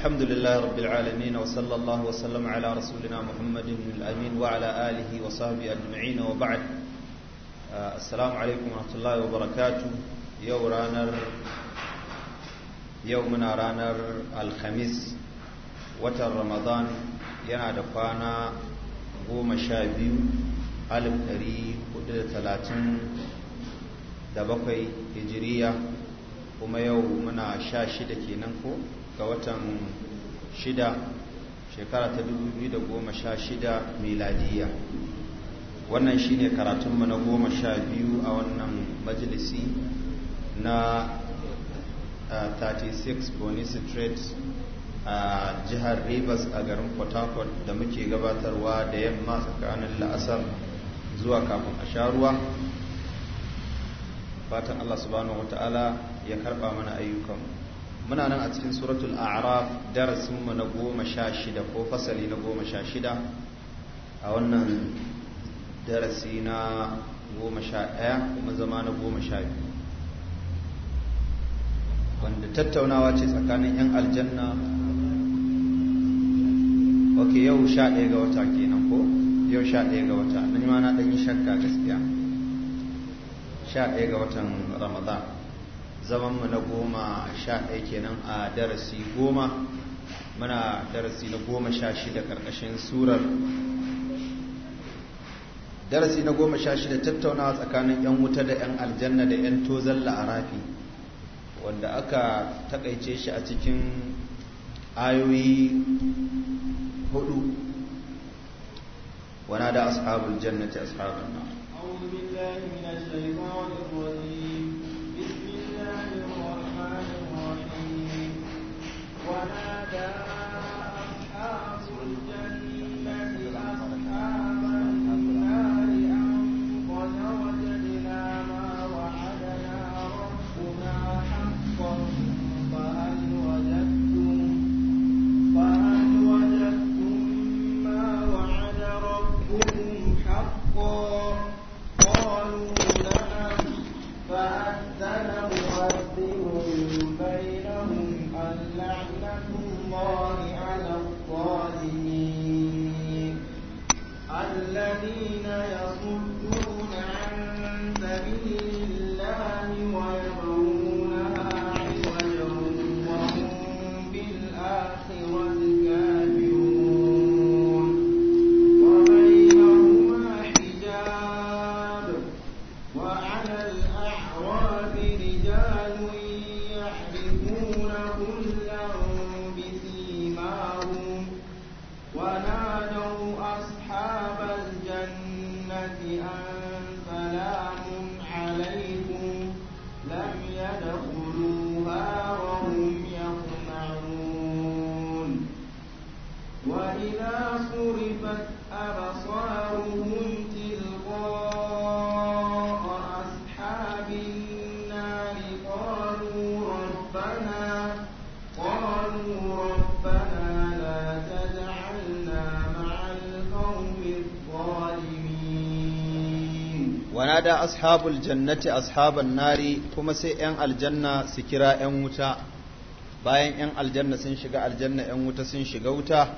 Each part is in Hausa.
الحمد لله رب العالمين وصلى الله وسلم على رسولنا محمد الأمين وعلى آله وصحبه أجمعين وبعد السلام عليكم ورحمة الله وبركاته يو رانر يومنا رانر الخميس watan ramadan yana da kwana goma sha biyu alif ɗari hudu da talatin da bakwai hijiriya kuma yau muna sha shida kenan ko ga watan shida shekara ta 2016 miladiya wannan shine karatunmu na goma sha biyu a wannan majalisi na 36 Bonny Street a jihar Rivers a garin Port Harcourt da muke gabatarwa da yamma tsakanin la'asar zuwa kafin a sha ruwa fatan Allah subhanahu Ta'ala ya karba mana ayyukanmu muna nan a cikin suratul a'raf mu na goma sha shida ko fasali na goma sha shida a wannan darasi na goma sha ɗaya kuma zama na goma sha biyu wanda tattaunawa ce tsakanin 'yan aljanna ok yau sha ɗaya ga wata kenan ko yau sha ɗaya ga wata na ma na ɗanyi shakka gaskiya sha ɗaya ga watan ramadan zaman mu na goma sha ɗaya kenan a darasi goma muna darasi na goma sha shida ƙarƙashin surar darasi na goma sha shida tattaunawa tsakanin 'yan wuta da 'yan aljanna da 'yan tozon la'arafi wanda aka taƙaice shi a cikin ayoyi hudu wana da ashabul jannati ashabul nar أعوذ بالله ونادى ashabul jannati ashaban nari kuma sai 'yan aljanna su kira 'yan wuta bayan 'yan aljanna sun shiga aljanna 'yan wuta sun shiga wuta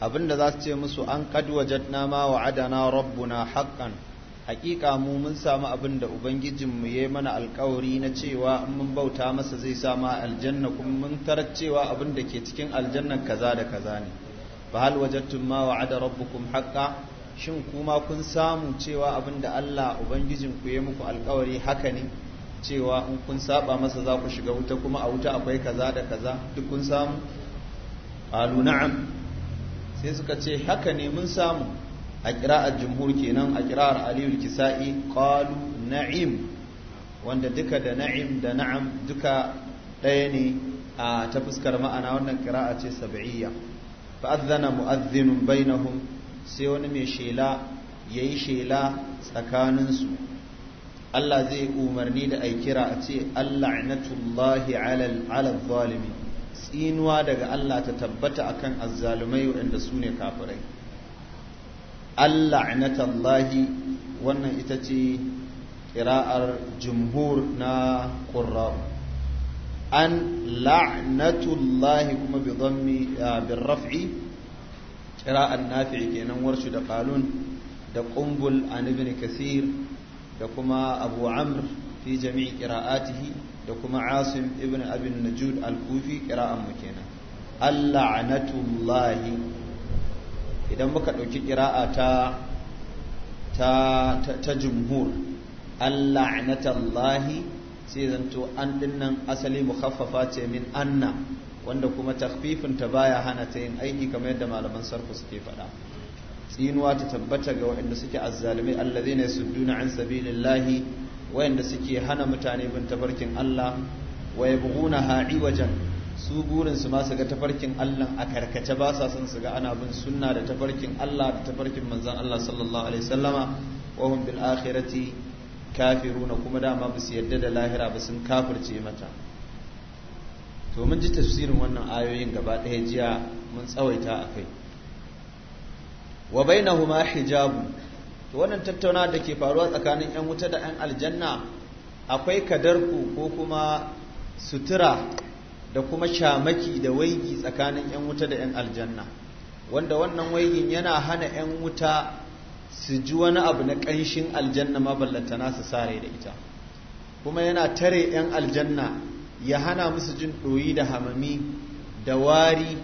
abinda za su ce musu an kadwajadna ma adana rabbuna haqqan haƙiƙa mu mun samu abinda ubangijin mu ya mana alƙawari na cewa in mun bauta masa zai samu aljanna kuma mun tarar cewa abin ke cikin aljannan kaza da kaza ne fa hal wajadtum ma wa'ada rabbukum haqqan shin kuma kun samu cewa abin da Allah ubangijin ku ya muku alkawari haka ne cewa in kun saba masa za ku shiga wuta kuma a wuta akwai kaza da kaza duk kun samu alu na'am sai suka ce haka ne mun samu a kira'ar jumhur kenan a kira'ar aliyul kisa'i qalu na'im wanda duka da na'im da na'am duka ɗaya ne a ta fuskar ma'ana wannan kira'a ce sab'iyya fa adhana mu'adhdhinun bainahum sai wani mai shela ya yi shela tsakaninsu Allah zai umarni da aikira kira a ce Allah alal zalimi tsinuwa daga Allah ta tabbata akan azzalumai waɗanda su ne kafirai Allah wannan ita ce ƙira'ar jumhur na ƙurra'u an la'natullahi kuma bi ah, raf'i qira'an nafi' kenan warshu da qalun da ƙumbul an ibn kasir da kuma abu amr fi jami'i qira'atihi da kuma asim ibn abin najud al-kufi qira'an mu kenan al-la'natullahi idan muka ɗauki qira'a ta jumhur al-la'natullahi sai zanto an dinnan asali mukhaffafa ce min anna wanda kuma takfifin ta baya hana ta yin aiki kamar yadda malaman sarku suke faɗa tsinuwa ta tabbata ga waɗanda suke azzalimai su duna an sabilillahi waɗanda suke hana mutane bin tafarkin Allah wa yabghunaha iwajan su burin su ma su ga tafarkin Allah a karkace ba sa son su ga ana bin sunna da tafarkin Allah da tafarkin manzon Allah sallallahu alaihi wasallama wa hum bil akhirati kafiruna kuma dama ba su yadda da lahira ba sun kafirce mata to mun ji tafsirin wannan ayoyin gaba ɗaya jiya mun tsawaita a kai wa bainahuma hijabu to wannan tattauna da ke faruwa tsakanin yan wuta da yan aljanna akwai kadarku ko kuma sutura da kuma shamaki da waigi tsakanin yan wuta da yan aljanna wanda wannan waigin yana hana yan wuta su ji wani abu na ƙanshin aljanna maballantana su sare da ita kuma yana tare yan aljanna ya hana musu jin ɗoyi da hamami da wari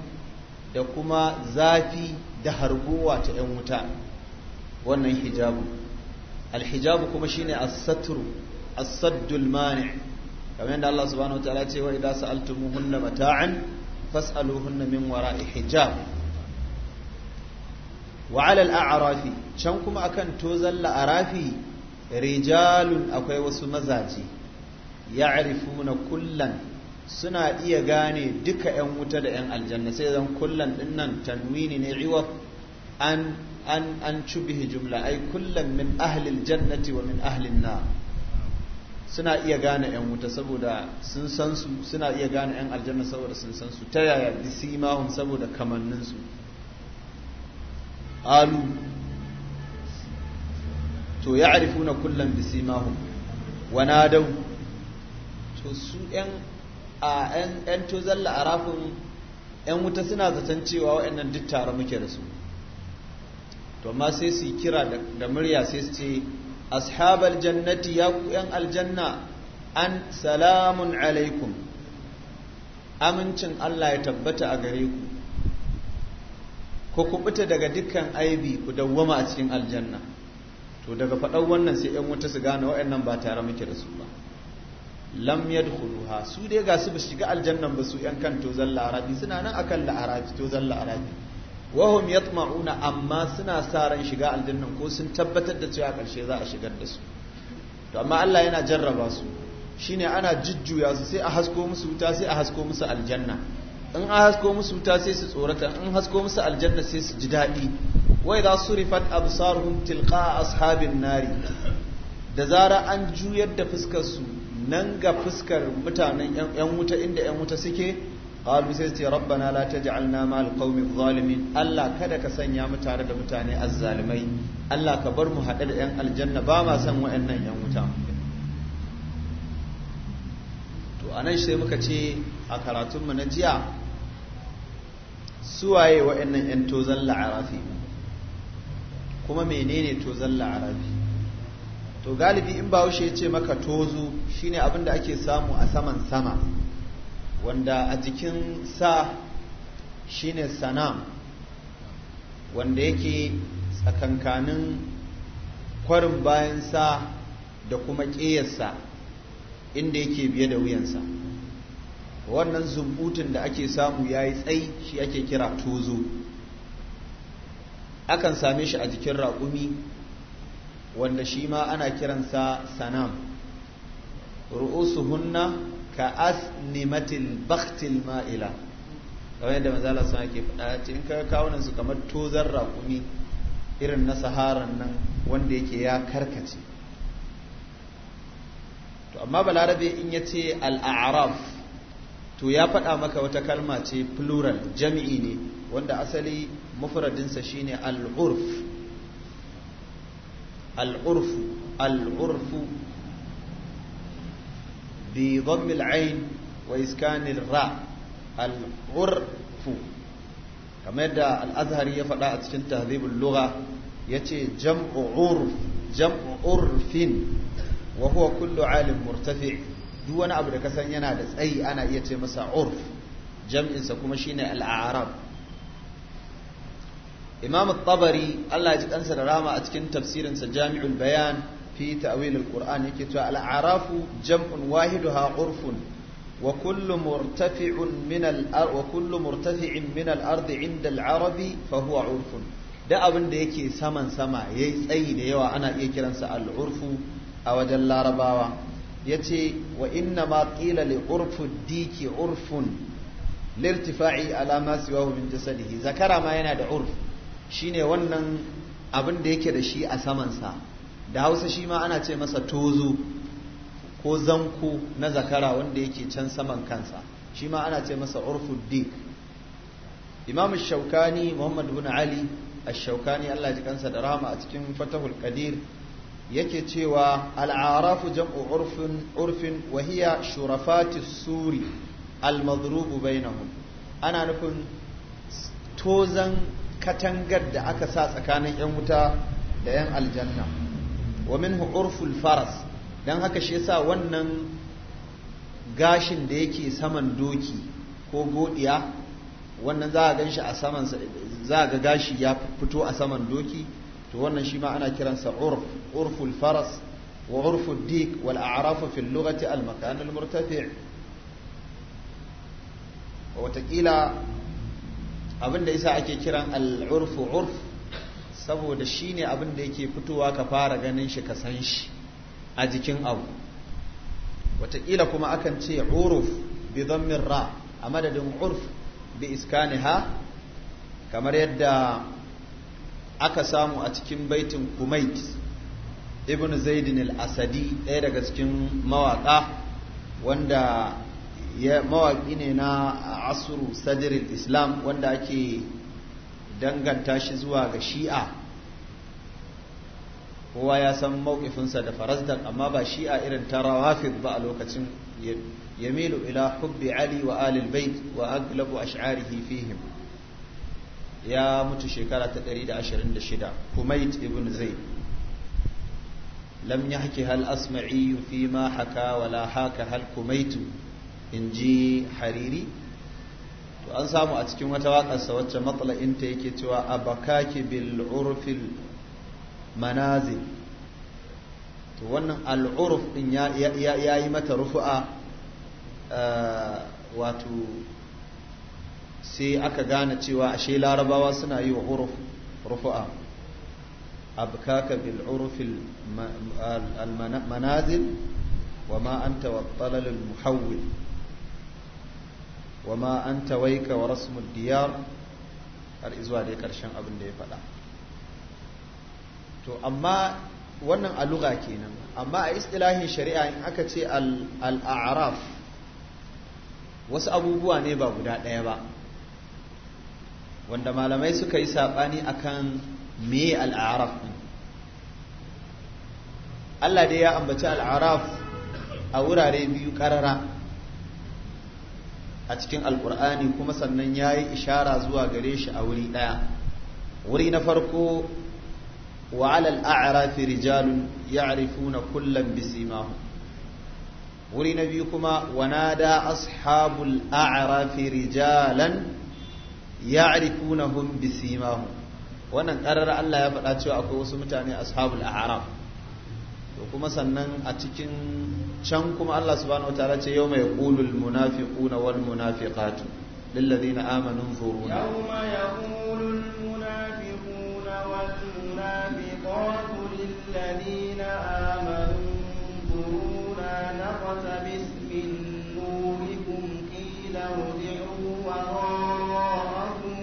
da kuma zafi da harguwa ta 'yan wuta wannan hijabu alhijabu kuma shi ne satru asaddul mani' kamar yadda Allah subhanahu ta'ala ce wa idza hunna mata'an fas'aluhunna min wara'i hijab wa 'ala al-a'rafi can kuma akan tozalla arafi rijalun akwai wasu mazaji. ya'rifuna kullan suna iya gane duka yan wuta da yan aljanna sai zan kullan dinnan tanwini ne iwab an an an cubihi jumla ai kullan min ahli aljannati wa min ahli nar suna iya gane yan wuta saboda sun san su suna iya gane yan aljanna saboda sun san su ta yaya bisimahum saboda kamannin su alu to ya'rifuna kullan bisimahum wa nadau to su yan a yan a rafin yan wuta suna zaton cewa waɗannan duk tare muke da su to amma sai su kira da murya sai su ce ashabal jannati ya ku yan aljanna an salamun alaikum amincin Allah ya tabbata a gare ku ku daga dukkan aibi ku dawwama a cikin aljanna to daga faɗan wannan sai 'yan wuta su gane waɗannan ba tare muke da su ba lam yadkhuluha su dai ga su shiga aljannan ba su yan kan tozan la'arabi suna nan akan la'arabi tozan la'arabi wahum yatma'una amma suna sa ran shiga aljannan ko sun tabbatar da cewa karshe za a shigar da su to amma Allah yana jarraba su shine ana jujjuya su sai a hasko musu wuta sai a hasko musu aljanna in a hasko musu wuta sai su tsorata in hasko musu aljanna sai su ji daɗi wai za su rifat absaruhum tilqa ashabin nari da zara an juyar da fuskar su nan ga fuskar mutanen yan wuta inda yan wuta suke qalu sai ce rabbana la taj'alna ma'al qaumi zalimin Allah kada ka sanya mu tare da mutane azzalimai Allah ka bar mu haɗe da yan aljanna ba ma san wa'annan yan wuta to anan sai muka ce a karatun mu na jiya suwaye wa'annan yan tozan la'arafi kuma menene tozan la'arafi to galibi in ba ya ce maka tozu shine abin da ake samu a saman sama wanda a jikin sa shine sanam wanda yake tsakankanin kwarin bayan sa da kuma ƙeyarsa inda yake biye da wuyansa wannan zumbutun da ake samu ya yi tsayi shi ake kira tozo akan same shi a jikin raƙumi wanda shi ma ana kiransa sanam hunna ka asnimatil baktil ma'ila kamar yadda mazala sun ake faɗa ce in ka kawunan kamar tozar rakumi irin na saharan nan wanda yake ya karkace to amma balarabe in ya ce al'araf to ya faɗa maka wata kalma ce plural jami'i ne wanda asali mufradinsa shine al'urf العرف العرف بضم العين وإسكان الراء العرف كما يدى الأزهر يفعل أتشن تهذيب اللغة يتي جمع عرف جمع عرف وهو كل عالم مرتفع دون أبدا كسان ينادس أي أنا يتي مسا عرف جمع سكما الأعراب imam tabari Allah ya ji kansa da rama a cikin tafsirin sa jami'ul bayan fi ta'wil al-qur'an yake cewa al-arafu jam'un wahiduha urfun wa kullu murtafi'un min al-ard wa kullu murtafi'in min al-ard 'inda al-arabi fa huwa urfun da abin da yake saman sama yayi tsayi da yawa ana iya kiransa al-urfu a wajen larabawa yace wa inna ma qila li urfu diki urfun lirtifa'i ala ma siwahu min jasadihi zakara ma yana da urfu shine wannan abin da yake da shi a samansa da hausa shi ma ana ce masa tozo ko zanku na zakara wanda yake can saman kansa shi ma ana ce masa urfuddik imam shaukani muhammad bin ali allah ji kansa da rahama a cikin fatahul qadir yake cewa al'arafu jam'u urfin urfin wahiya hiya shurafati suri al-madrubu bainahum ana nufin tozan katangar da aka sa tsakanin 'yan wuta da 'yan aljanna wa minhu urful faras don haka shi yasa wannan gashin da yake saman doki ko godiya wannan za a gan shi a saman za a ga gashi ya fito a saman doki to wannan shi ma ana kiransa urf urful faras wa urful dik wal a'rafu fil lughati al makan al murtafi' watakila abin da isa ake kiran al'urfu urf saboda shi ne abin da yake fitowa ka fara ganin shi ka san shi a jikin abu wataƙila kuma akan ce uruf bi min ra a madadin urf bi ha? kamar yadda aka samu a cikin baitin kumait ibn zaidin al-asadi ɗaya daga cikin mawaƙa wanda ya mawaki ne na asru sadril islam wanda ake danganta shi zuwa ga shi'a kowa ya san mawkifinsa da farazdak amma ba shi'a irin tarawa ba a lokacin yamilu ila hubbi ali wa alil bait wa aglabu ash'arihi fihim ya mutu shekara ta 126 kumait ibn Zaid lam yahki hal asma'i fi ma haka wala haka hal kumaitu in ji hariri to an samu a cikin wata waƙarsa wacce matsala'inta yake cewa a bakaki bil manazil to wannan al'uruf ɗin ya yi mata rufu'a eh, wato sai aka gane cewa ashe larabawa suna yi wa uruf rufu'a abkaka bil urfil manazil wa ma anta wa muhawwil wa ma an tawaika wa rasmul diyar har izuwa dai karshen abin da ya faɗa to amma wannan a lugha kenan amma a istilahin shari'a in aka ce al-a'raf wasu abubuwa ne ba guda ɗaya ba wanda malamai suka yi saɓani akan me al-a'raf ɗin Allah dai ya ambaci al-a'raf a wurare biyu ƙarara a cikin alkur'ani kuma sannan ya yi ishara zuwa gare shi a wuri ɗaya wuri na farko wa alal a'rafi rijalun ya'rifuna kullan bisimahum wuri na biyu kuma wanada nada ashabul a'rafi rijalan ya'rifunahum bisimahum wannan karar Allah ya faɗa cewa akwai wasu mutane ashabul a'raf to kuma sannan a cikin can kuma Allah subhanahu wataala ce yau yawma yaqulul munafiquna wal munafiqatu lil ladina amanu nzuruna yawma yaqulul munafiquna wal munafiqatu lil ladina amanu nzuruna naqtabis min nurikum qila irji'u wara'akum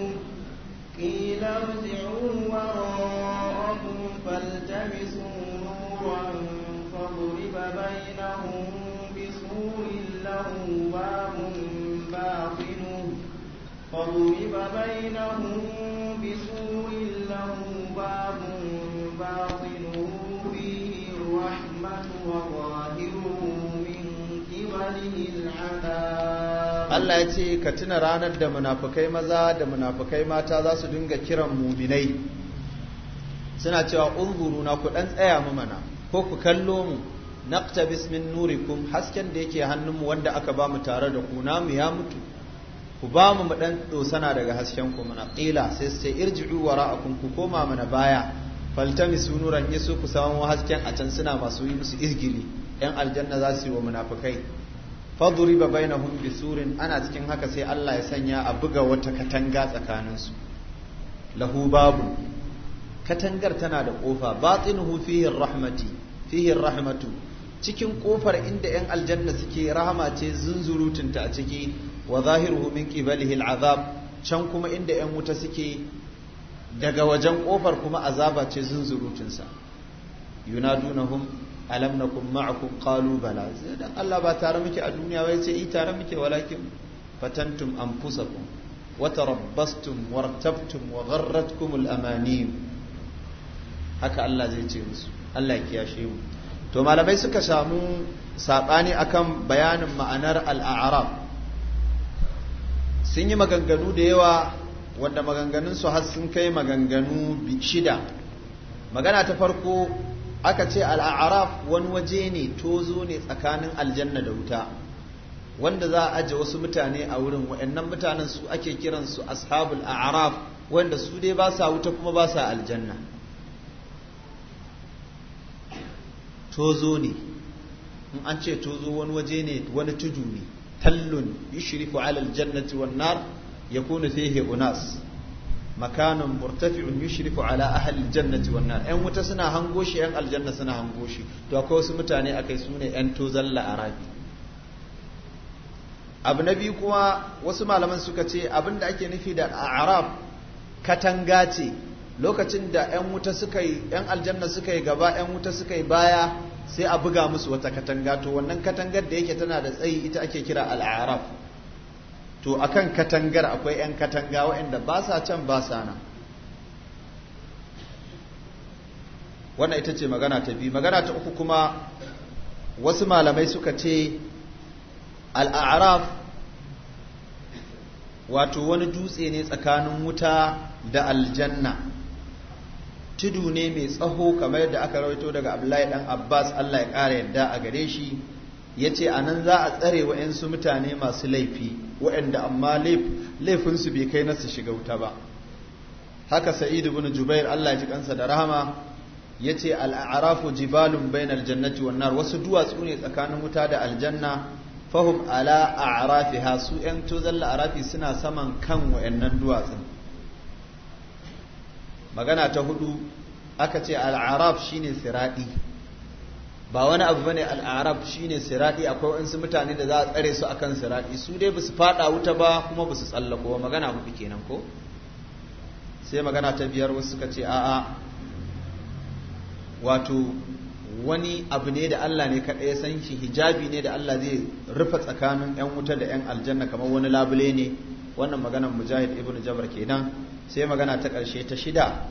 qila irji'u wara'akum faltamisu nuran فضرب بينهم بسور له باب باطنه فضرب بينهم بسور له باب باطنه فيه الرحمة وظاهره من قبله العذاب Allah ya ce ka tuna ranar da munafukai maza da munafukai mata za su dinga kiran muminai suna cewa unzuruna ku dan tsaya mu mana ko ku kallo mu naqtabis min nurikum hasken da yake hannunmu wanda aka ba mu tare da ku namu ya mutu ku ba mu dan dosana daga hasken ku mana qila sai sai irji'u wara'akum ku koma mana baya faltamisu nuran yasu ku samu hasken a can suna masu yi musu izgili yan aljanna za su yi wa munafikai faduriba bainahum bisurin ana cikin haka sai Allah ya sanya a buga wata katanga tsakanin su lahu babu katangar tana da kofa batinuhu fihi rahmati fihi rahmatu cikin kofar inda yan aljanna suke rahama ce zunzurutunta a ciki wa zahiruhu min qibalihi al'azab can kuma inda yan wuta suke daga wajen kofar kuma azaba ce zunzurutunsa yunadunahum alam nakum ma'akum qalu bala dan Allah ba tare muke a duniya wai ce i tare muke walakin fatantum anfusakum wa tarabbastum wartabtum wa gharratkum al-amanim haka Allah zai ce musu Allah ya kiyashe mu to malamai suka samu sabani akan bayanin ma'anar al'arab sun yi maganganu da yawa wanda maganganun su har sun kai maganganu shida magana ta farko aka ce al'arab wani waje ne tozo ne tsakanin aljanna da wuta wanda za a aje wasu mutane a wurin wa'annan mutanen su ake kiransu ashabul a'raf wanda su dai ba sa wuta kuma ba sa aljanna tozo ne in an ce tozo wani waje ne wani tudu ne tallun yushriku ala aljannati wan nar yakunu fihi unas makanun murtafi'un yushriku ala ahli aljannati wan nar ƴan wuta suna hango shi ƴan aljanna suna hango shi to akwai wasu mutane akai su ne ƴan tozan la'arabi abu na biyu kuma wasu malaman suka ce abinda ake nufi da arab katanga ce lokacin da 'yan wuta suka yi 'yan aljanna suka yi gaba 'yan wuta suka yi baya sai a buga musu wata katanga to wannan katangar da yake tana da tsayi ita ake kira al'araf to akan katangar akwai 'yan katanga waɗanda ba sa can ba sa nan wannan ita ce magana ta biyu magana ta uku kuma wasu malamai suka ce al'araf wato wani dutse ne tsakanin wuta da aljanna tudu ne mai tsaho kamar yadda aka rawaito daga abdullahi dan abbas allah ya ƙara yadda a gare shi yace ce a nan za a tsare wa'yansu mutane masu laifi waɗanda amma laifinsu bai kai na su shiga wuta ba haka sa'idu bin jubair allah ya ji kansa da rahama yace ce al'arafu jibalun bain aljannati wan nar wasu duwatsu ne tsakanin wuta da aljanna fahum ala a'rafiha su yan tozalla arafi suna saman kan wayannan duwatsun magana ta hudu aka ce al'arab shine siradi ba wani abu bane al'arab shine siradi akwai wasu mutane da za a tsare su akan siradi su dai ba su fada wuta ba kuma ba su tsallako ba magana hudu kenan ko sai magana ta biyar wasu suka ce a'a wato wani abu ne da Allah ne kaɗai ya san shi hijabi ne da Allah zai rufe tsakanin 'yan wuta da 'yan aljanna kamar wani labule ne wannan maganar mujahid ibn jabar kenan sai magana ta ƙarshe ta shida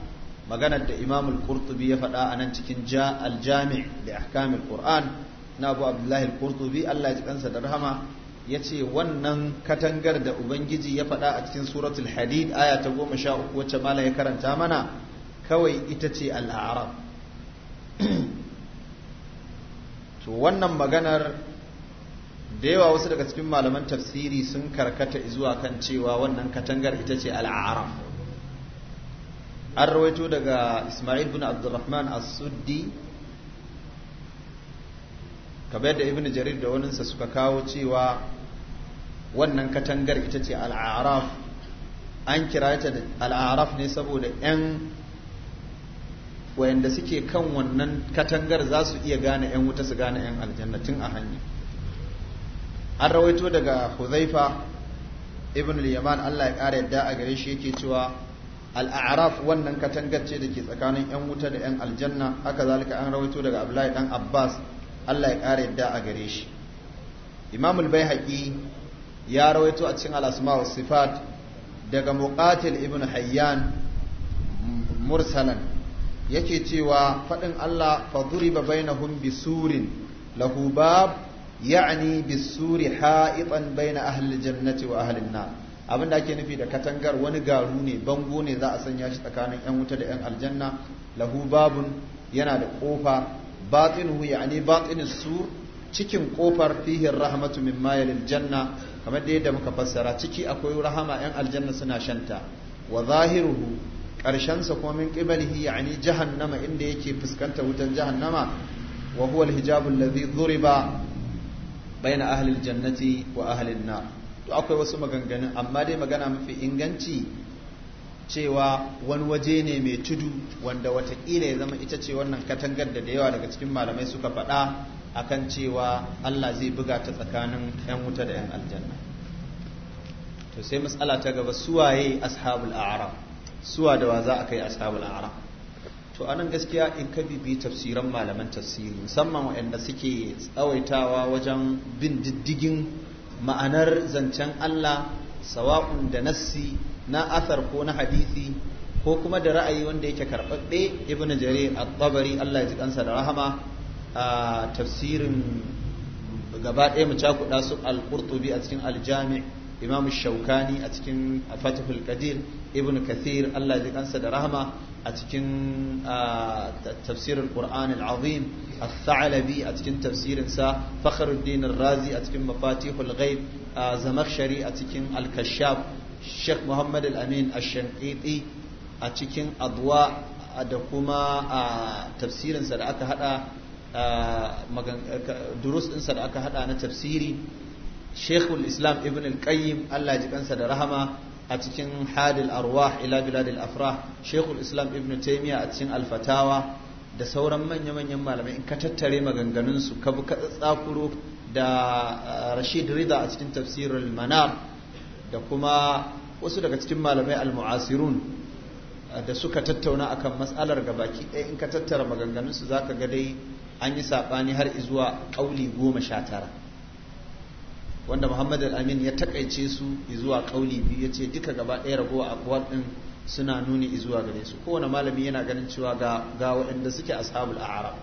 maganar da imam al-qurtubi ya faɗa a nan cikin ja al-jami' li ahkam al-qur'an na abu abdullahi al-qurtubi Allah ya ji kansa da rahama yace wannan katangar da ubangiji ya faɗa a cikin suratul hadid aya ta 13 wacce mala ya karanta mana kawai ita ce al-a'rab to wannan maganar da yawa wasu daga cikin malaman tafsiri sun karkata zuwa kan cewa wannan katangar ita ce al'araf an rawaito daga ismail bin abdulrahman as-suddi kamar da ibn jarir da waninsa suka kawo cewa wannan katangar ita ce al'araf an kira ta da al'araf ne saboda 'yan wayanda suke kan wannan katangar za su iya gane 'yan wuta su gane 'yan aljanna tun a hanya an rawaito daga huzaifa ibn al Allah ya ƙara yadda a gare shi yake cewa al-a'raf wannan katangace da ke tsakanin yan wuta da yan aljanna haka zalika an rawaito daga Abdullahi dan Abbas Allah ya ƙara yadda a gare shi Imam al bayhaqi ya rawaito a cikin al'asma wa sifat daga Muqatil ibn Hayyan mursalan yake cewa faɗin Allah fa bainahum bisurin lahu bab ya'ni bisuri ha'itan baina ahli jannati wa ahli nar abin da ake nufi da katangar wani garu ne bango ne za a sanya shi tsakanin yan wuta da yan aljanna lahu babun yana da kofa batinuhu ya'ni batinus sur cikin kofar fihi rahmatu mimma yalil janna kamar da yadda muka fassara ciki akwai rahama yan aljanna suna shanta wa zahiruhu karshensa kuma min qibalihi ya'ni jahannama inda yake fuskanta wutan jahannama wa huwa alhijabu alladhi dhuriba bayan ahalin jannati wa ahalin na to akwai wasu maganganu amma dai magana mafi inganci cewa wani waje ne mai tudu wanda watakila ya zama ita ce wannan katangar da da yawa daga cikin malamai suka faɗa akan cewa Allah zai buga ta tsakanin 'yan wuta da 'yan aljanna to sai matsala ta gaba suwaye ashabul a'raf suwa da wa za a kai ashabul a'raf to anan gaskiya in ka bibi tafsiran malaman tafsiri musamman waɗanda suke tsawaitawa wajen bin diddigin ma'anar zancen Allah sawa'un da nassi na asar ko na hadisi ko kuma da ra'ayi wanda yake karɓaɓɓe ibn jarir at-tabari Allah ya ji kansa da rahama a tafsirin gaba ɗaya mu cakuɗa su al-qurtubi a cikin al-jami' imam shaukani a cikin fatihul qadir ibn kathir Allah ya ji kansa da rahama a cikin tafsirin Qur'an al-Azim al-Tha'labi a cikin tafsirin sa Fakhruddin al-Razi a cikin Mafatihul Ghaib Zamakhshari a cikin al-Kashaf Sheikh Muhammad al-Amin al-Shanqiti a cikin Adwa da kuma a tafsirin da aka haɗa durus da aka hada na tafsiri Sheikhul Islam Ibn al Allah ji kansa da rahma. a cikin hadil arwah ila biladil afrah shekul islam ibn taimiyya a cikin alfatawa da sauran manya-manyan malamai in ka tattare maganganunsu ka bi tsakuro da uh, rashid rida a cikin tafsirul manar da kuma wasu daga cikin malamai almu'asirun uh, da suka tattauna akan matsalar gabaki ɗaya in ka tattara maganganunsu za ka ga dai an yi saɓani har izuwa ƙauli goma sha tara wanda muhammad al-amin ya takaice su zuwa kauli biyu ya ce duka gaba ɗaya ragowa akwal ɗin suna nuni zuwa gare su kowane malami yana ganin cewa ga waɗanda suke ashabul a'rab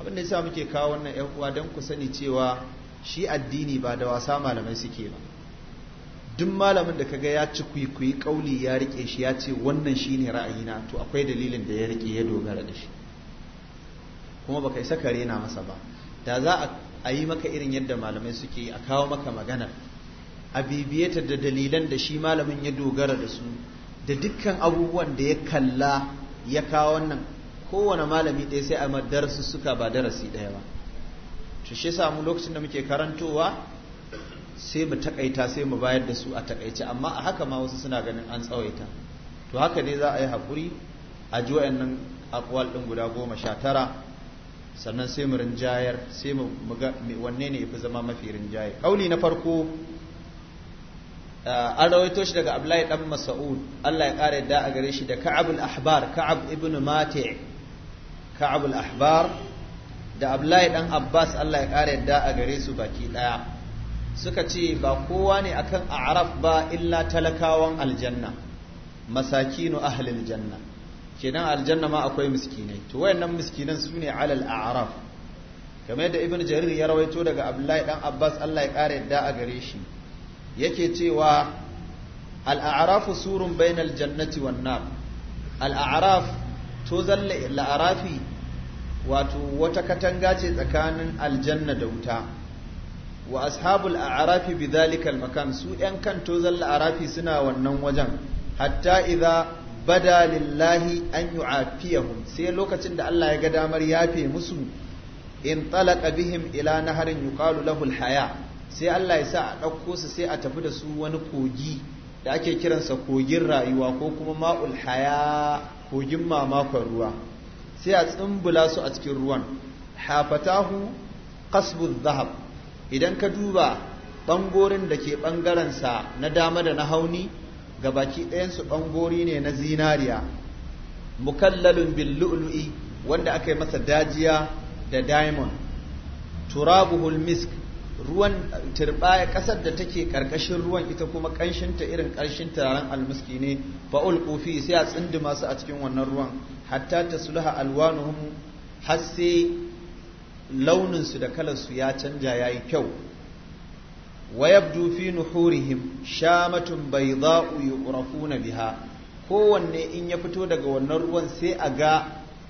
abinda da yasa muke kawo wannan yan uwa don ku sani cewa shi addini ba da wasa malamai suke ba duk malamin da kaga ya ci kwikwiyi kauli ya rike shi ya ce wannan shine ra'ayina to akwai dalilin da ya rike ya dogara da shi kuma baka yi sakare na masa ba da za a a yi maka irin yadda malamai suke a kawo maka magana a bibiyeta da dalilan da shi malamin ya dogara da su da dukkan abubuwan da ya kalla ya kawo wannan kowane malami ɗaya sai a madarsu suka ba darasi ɗaya ba to shi samu lokacin da muke karantowa sai mu takaita sai mu bayar da su a takaice amma a haka ma wasu suna ganin an tsawaita to haka ne za a yi haƙuri a ji wayannan akwal ɗin guda goma sha tara sannan sai mu rinjayar sai mu wanne ne yafi zama mafi rinjaye kauli na farko uh, an rawaito shi daga Abdullahi dan Mas'ud Allah ya kare da a gare shi da Ka'ab al-Ahbar Ka'ab ibn Mati' Ka'ab al-Ahbar da Abdullahi dan Abbas Allah ya kare da a gare su baki daya suka ce ba kowa ne akan a'raf ba illa talakawan aljanna masakinu ahlil janna kenan aljanna ma akwai miskinai to wayannan miskinan su ne alal a'raf kamar yadda ibnu jarir ya rawaito daga abdullahi dan abbas allah ya kare yadda a gare shi yake cewa al'arafu surun bainal jannati wan nar al'araf to zalle la'arafi wato wata katanga ce tsakanin aljanna da wuta wa ashabul a'rafi bidhalika al makan su yan kan to zalla a'rafi suna wannan wajen hatta idza bada lillahi an yu'afiyahum sai lokacin da Allah ya ga damar yafe musu in talaka bihim ila naharin yuqalu lahu haya sai Allah ya sa a ɗauko su sai a tafi da su wani kogi da ake kiransa kogin rayuwa ko kuma ma'ul haya kogin mamakon ruwa sai a tsumbula su a cikin ruwan hafatahu qasbu zahab idan ka duba bangorin da ke ɓangarensa na dama da na hauni gabaki ɗayansu ɓangori ne na zinariya mukallalun billu'lu'i lu'lu'i wanda aka yi masa dajiya da diamond turabuhul misk ruwan turbaya ƙasar da take ƙarƙashin ruwan ita kuma ƙanshinta irin ƙarshen turaren almiski ne fa'ul kofi sai a tsindi masu a cikin wannan ruwan hatta ta sulha alwanuhum har sai launinsu da kalarsu ya canja ya yi kyau ويبدو في نحورهم شامة بيضاء يعرفون بها kowanne in ya fito daga wannan ruwan sai a ga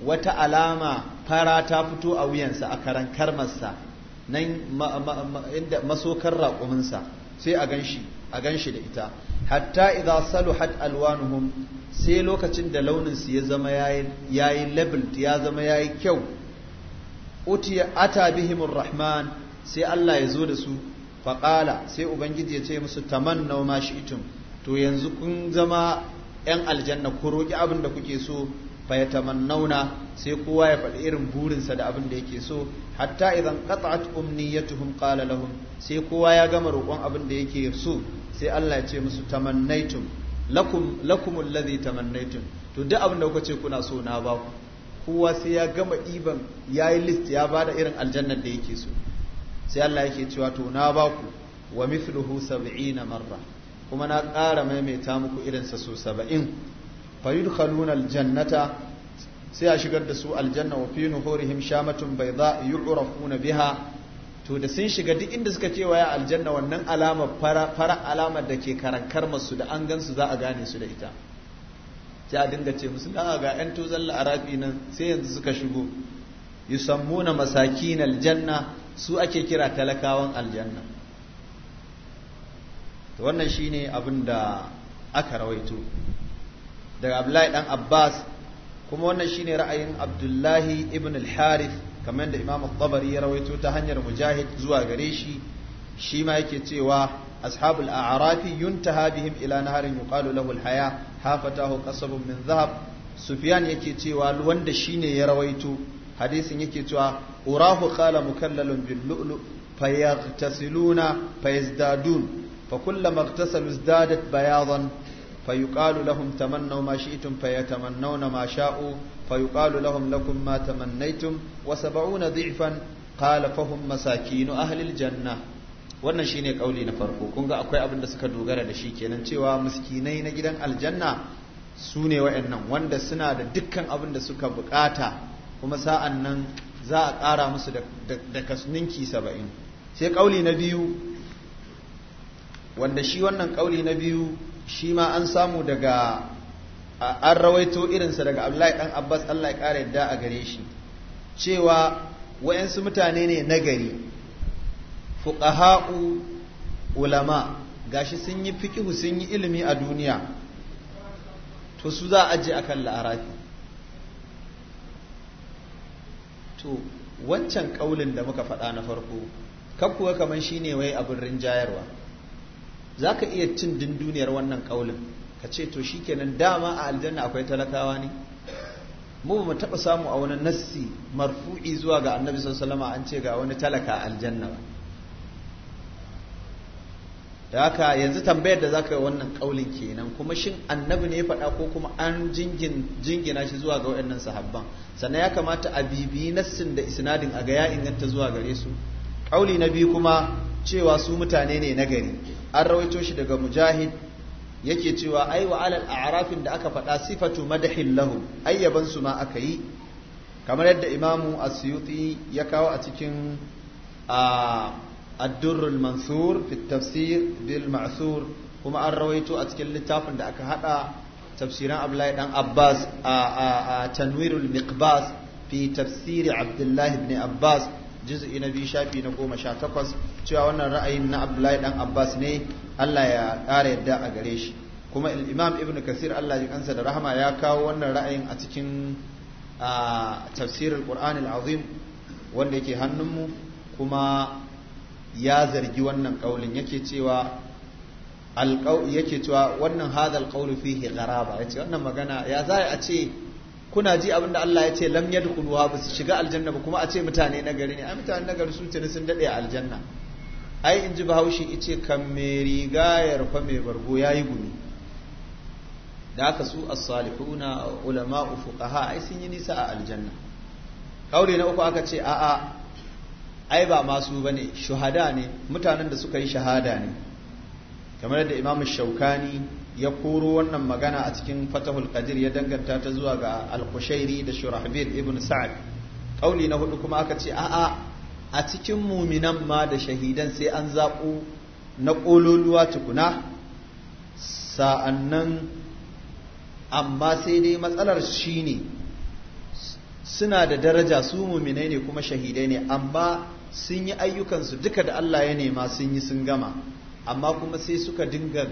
wata alama fara ta fito a wuyansa a karan karmarsa nan inda masokar raƙuminsa sai a ganshi a ganshi da ita hatta idza saluhat alwanuhum sai lokacin da launin su ya zama yayi yayi ya zama yayi kyau utiya ata bihimur rahman sai Allah ya zo da su faƙala sai ubangiji ya ce musu taman tamannau ma itin to yanzu kun zama yan aljanna ku roƙi abin da kuke so fa nauna sai kowa ya faɗi irin burinsa da abin da yake so hatta idan qat'at umniyatuhum qala lahum sai kowa ya gama roƙon abin da yake so sai Allah ya ce musu tamannaitum lakum lakum alladhi tamannaitum to duk abin da kuka ce kuna so na ba kowa sai ya gama iban yayi list ya bada irin aljannar da yake so sai Allah yake cewa to na baku wa mithluhu 70 marra kuma na ƙara maimaita muku irin sa su 70 fa yudkhaluna aljannata sai a shigar da su aljanna wa fi nuhurihim shamatun bayda yu'rafuna biha to da sun shiga duk inda suka cewa ya aljanna wannan alamar fara alamar da ke karankar masu da an gansu za a gane su da ita sai dinga ce musu dan ga yan tozalla arabi nan sai yanzu suka shigo yusammuna masakin aljanna su ake kira talakawan aljanna to wannan shine abin da aka rawaito daga Abdullahi dan Abbas kuma wannan shine ra'ayin Abdullahi ibn al-Harith kamar da Imam al-Tabari ya rawaito ta hanyar Mujahid zuwa gare shi shi ma yake cewa ashabul a'rafi yuntaha bihim ila naharin yuqalu lahu al-haya hafatahu qasabun min dhahab Sufyan yake cewa wanda shine ya rawaito hadisin yake cewa urahu qala mukallalun bil lu'lu fayaghtasiluna fayazdadun fakullama ightasalu izdadat bayadan فيقال لهم تمنوا ما شئتم فيتمنون ما شاءوا فيقال لهم لكم ما تمنيتم وسبعون ضعفا قال فهم مساكين أهل الجنة wannan shine kauli na farko kun ga akwai abin da suka dogara da shi kenan cewa muskinai na gidan aljanna su ne wa'annan wanda suna da dukkan abin da suka bukata kuma sa'an nan za a ƙara musu da kasninki saba'in sai ƙauli na biyu wanda shi wannan ƙauli na biyu shi ma an samu daga an rawaito irinsa daga abdullahi ɗan abbas allah ya ƙara yadda a gare shi cewa wa'yansu mutane ne nagari fuqaha'u ulama gashi sun yi fikihu sun yi ilimi a duniya to su za a aje kan la'arafi to wancan kaulin da muka faɗa na farko kakkuwa kamar shine wai abin rinjayarwa za ka iya cin dinduniyar wannan kaulin ka ce to shi shikenan dama a aljanna akwai talakawa ne mu ba mu taɓa samu a wani nassi marfu'i zuwa ga annabi sallallahu alaihi wasallam an ce ga wani talaka aljanna haka yanzu tambayar da zaka yi wannan kaulin kenan kuma shin annabi ne ya faɗa ko kuma an jingina shi zuwa ga waɗannan sahabban sannan ya kamata a bibi nassin da isnadin a ga ya inganta zuwa gare su kauli na biyu kuma cewa su mutane ne na gari an rawaito shi daga mujahid yake cewa ai wa alal a'rafin da aka faɗa sifatu madahin lahum ai su ma aka yi kamar yadda imamu asyuti ya kawo a cikin a الدر المنثور في التفسير بالمعثور kuma an rawaito a cikin littafin da aka hada tafsirin Abdullahi dan Abbas a Tanwirul Miqbas fi tafsiri Abdullahi ibn Abbas juz'i na biyu shafi na goma sha takwas cewa wannan ra'ayin na Abdullahi dan Abbas ne Allah ya ƙara yadda a gare shi kuma Imam Ibn Kasir Allah ya kansa da rahama ya kawo wannan ra'ayin a cikin tafsirin Qur'an al-Azim wanda yake mu kuma ya zargi wannan kaulin yake cewa yake cewa wannan hadal qawlu fihi gharaba yace wannan magana ya za a ce kuna ji abinda da Allah ya ce lam yadkhuluha ba su shiga aljanna ba kuma a ce mutane na gari ne ai mutane na gari su ce sun dade a aljanna ai in ji bahaushe ice kan me riga ya rufa mai bargo yayi gumi da aka su as-salihuna ulama'u fuqaha ai sun yi nisa a aljanna kauli na uku aka ce a'a ai ba masu bane shuhada ne mutanen da suka yi shahada ne kamar da imam shaukani ya koro wannan magana a cikin fatahul qadir ya danganta ta zuwa ga al-qushairi da shurahbil ibn sa'ad kauli na hudu kuma aka ce a'a a cikin muminan ma da shahidan sai an zaɓo na ƙololuwa tukuna sa'annan amma sai dai matsalar shine suna da daraja su muminai ne kuma shahidai ne amma sun yi ayyukansu duka da Allah ya nema sun yi sun gama amma kuma sai suka dinga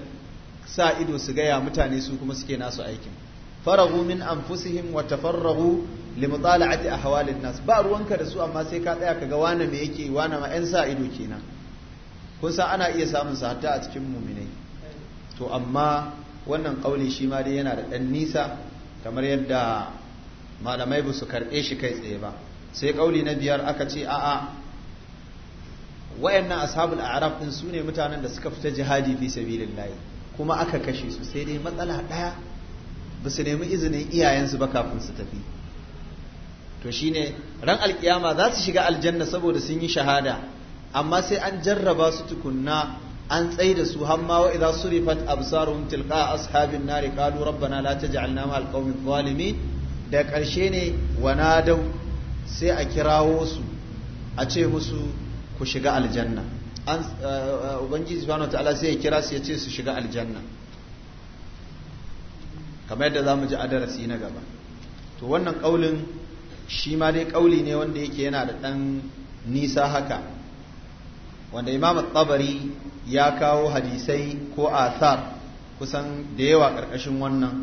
sa ido su gaya mutane su kuma suke nasu aikin faragu min anfusihim wa tafarragu li mutala'ati ahwalin nas ba ruwanka da su amma sai ka tsaya kaga wane me yake wane ma yan sa ido kenan kun san ana iya samun sa hatta a cikin muminai to amma wannan kauli shi ma dai yana da dan nisa kamar yadda malamai ba su karɓe shi kai tsaye ba sai kauli na biyar aka ce a'a wayannan ashabul a'raf din sune mutanen da suka fita jihadi fi sabilillah kuma aka kashe su sai dai matsala daya ba su nemi izinin iyayensu ba kafin su tafi to shine ran alkiyama za su shiga aljanna saboda sun yi shahada amma sai an jarraba su tukunna an tsaye da su hamma wa idza surifat absaruhum tilqa ashabin nari qalu rabbana la taj'alna ma alqawmi zalimin da karshe ne wanadau sai a kirawo su a ce musu ku shiga aljanna an eh, eh, ubangiji subhanahu ta'ala sai ya kira su ya ce su shiga aljanna kamar yadda zamu ji adarasi na gaba to wannan kaulin shi ma dai kauli ne wanda yake yana da dan nisa haka wanda imam tabari ya kawo hadisai ko athar kusan da yawa karkashin wannan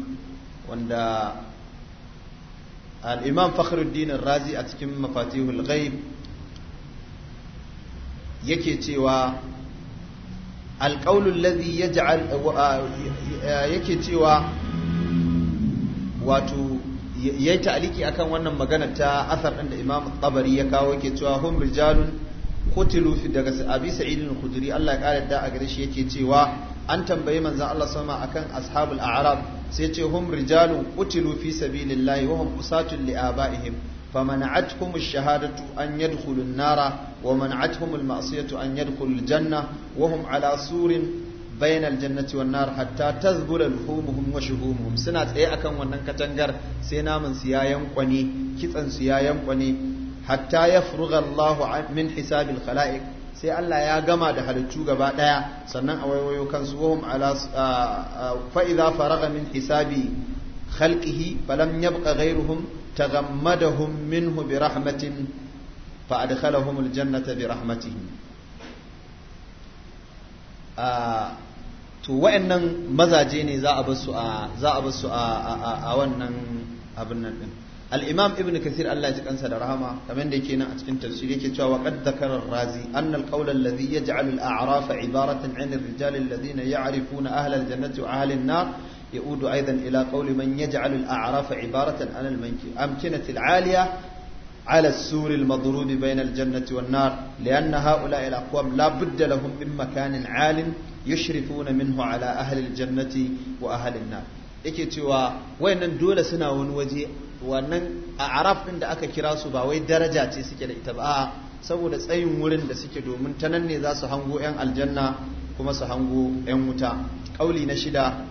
wanda al-imam fakhruddin razi a cikin mafatihul ghaib yake cewa alƙaunul lazi yake cewa wato ya yi ta'aliki akan wannan magana ta asar ɗin da imam tabari ya kawo yake cewa hum rijalun kutilu fi daga abi sa'id kuduri Allah ya kare da a gare shi yake cewa an tambayi manzan Allah sama akan ashabul a'rab sai ce hum rijalun kutilu fi sabilillahi wa hum usatun li abaihim فمنعتهم الشهادة أن يدخلوا النار ومنعتهم المعصية أن يدخلوا الجنة وهم على سور بين الجنة والنار حتى تذبل لحومهم وشهومهم سنة إيه أكن ونن كتنجر سينا من سيايم قني كتن سيايم قني حتى يفرغ الله من حساب الخلائق sai Allah ya gama da halittu gaba daya sannan a wayoyo kansu wahum ala fa idza faraga min hisabi khalqihi falam yabqa ghayruhum تغمدهم منه برحمة فأدخلهم الجنة برحمته آه to wa'annan mazaje ne za a basu a za a basu a wannan abin nan din al-imam ibn kathir Allah ya ji kansa da rahama kamar da yake nan a cikin tafsiri yake cewa qad dhakara razi anna al-qawl alladhi yaj'al al-a'raf ibaratan 'an ar-rijal alladhina ya'rifuna ahla al-jannati wa ahla an-nar يؤود أيضا إلى قول من يجعل الأعراف عبارة عن الأمكنة العالية على السور المضروب بين الجنة والنار لأن هؤلاء الأقوام لا بد لهم من مكان عال يشرفون منه على أهل الجنة وأهل النار yake cewa wayannan dole suna wani waje wannan a araf din da aka kira su ba wai daraja ce suke da ita ba saboda tsayin wurin da suke domin ta nan ne za su hango 'yan aljanna kuma su hango 'yan wuta ƙauli na shida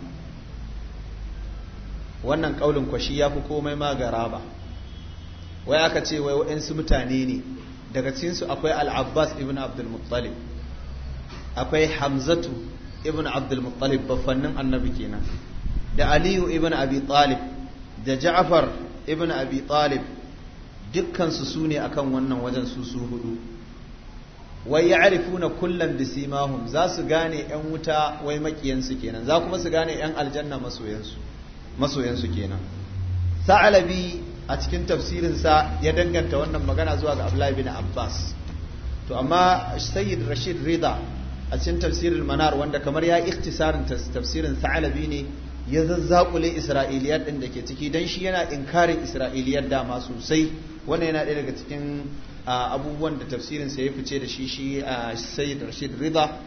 wannan kaulin kwashi ya fi komai ma ba. wai aka ce wai waɗansu mutane ne daga cikinsu akwai al ibn abdulmuttalib akwai hamzatu ibn abdulmuttalib bafannin annabi kenan da aliyu ibn abi talib da ja'far ibn abi talib dukkansu su ne akan wannan wajen su su hudu wai ya na kullum bisimahum za su gane 'yan wuta wai makiyansu kenan za kuma su gane 'yan aljanna masoyansu masoyansu kenan sa'alabi a cikin tafsirinsa ya danganta wannan magana zuwa ga abdullahi bin abbas to amma sayyid rashid rida a cikin tafsirin manar wanda kamar ya iktisarin tafsirin sa'alabi ne ya zazzakule isra'iliyar ɗin da ke ciki dan shi yana inkarin isra'iliyar dama sosai wannan yana ɗaya daga cikin ah, abubuwan da tafsirinsa ya fice da shi shi ah, sayyid rashid rida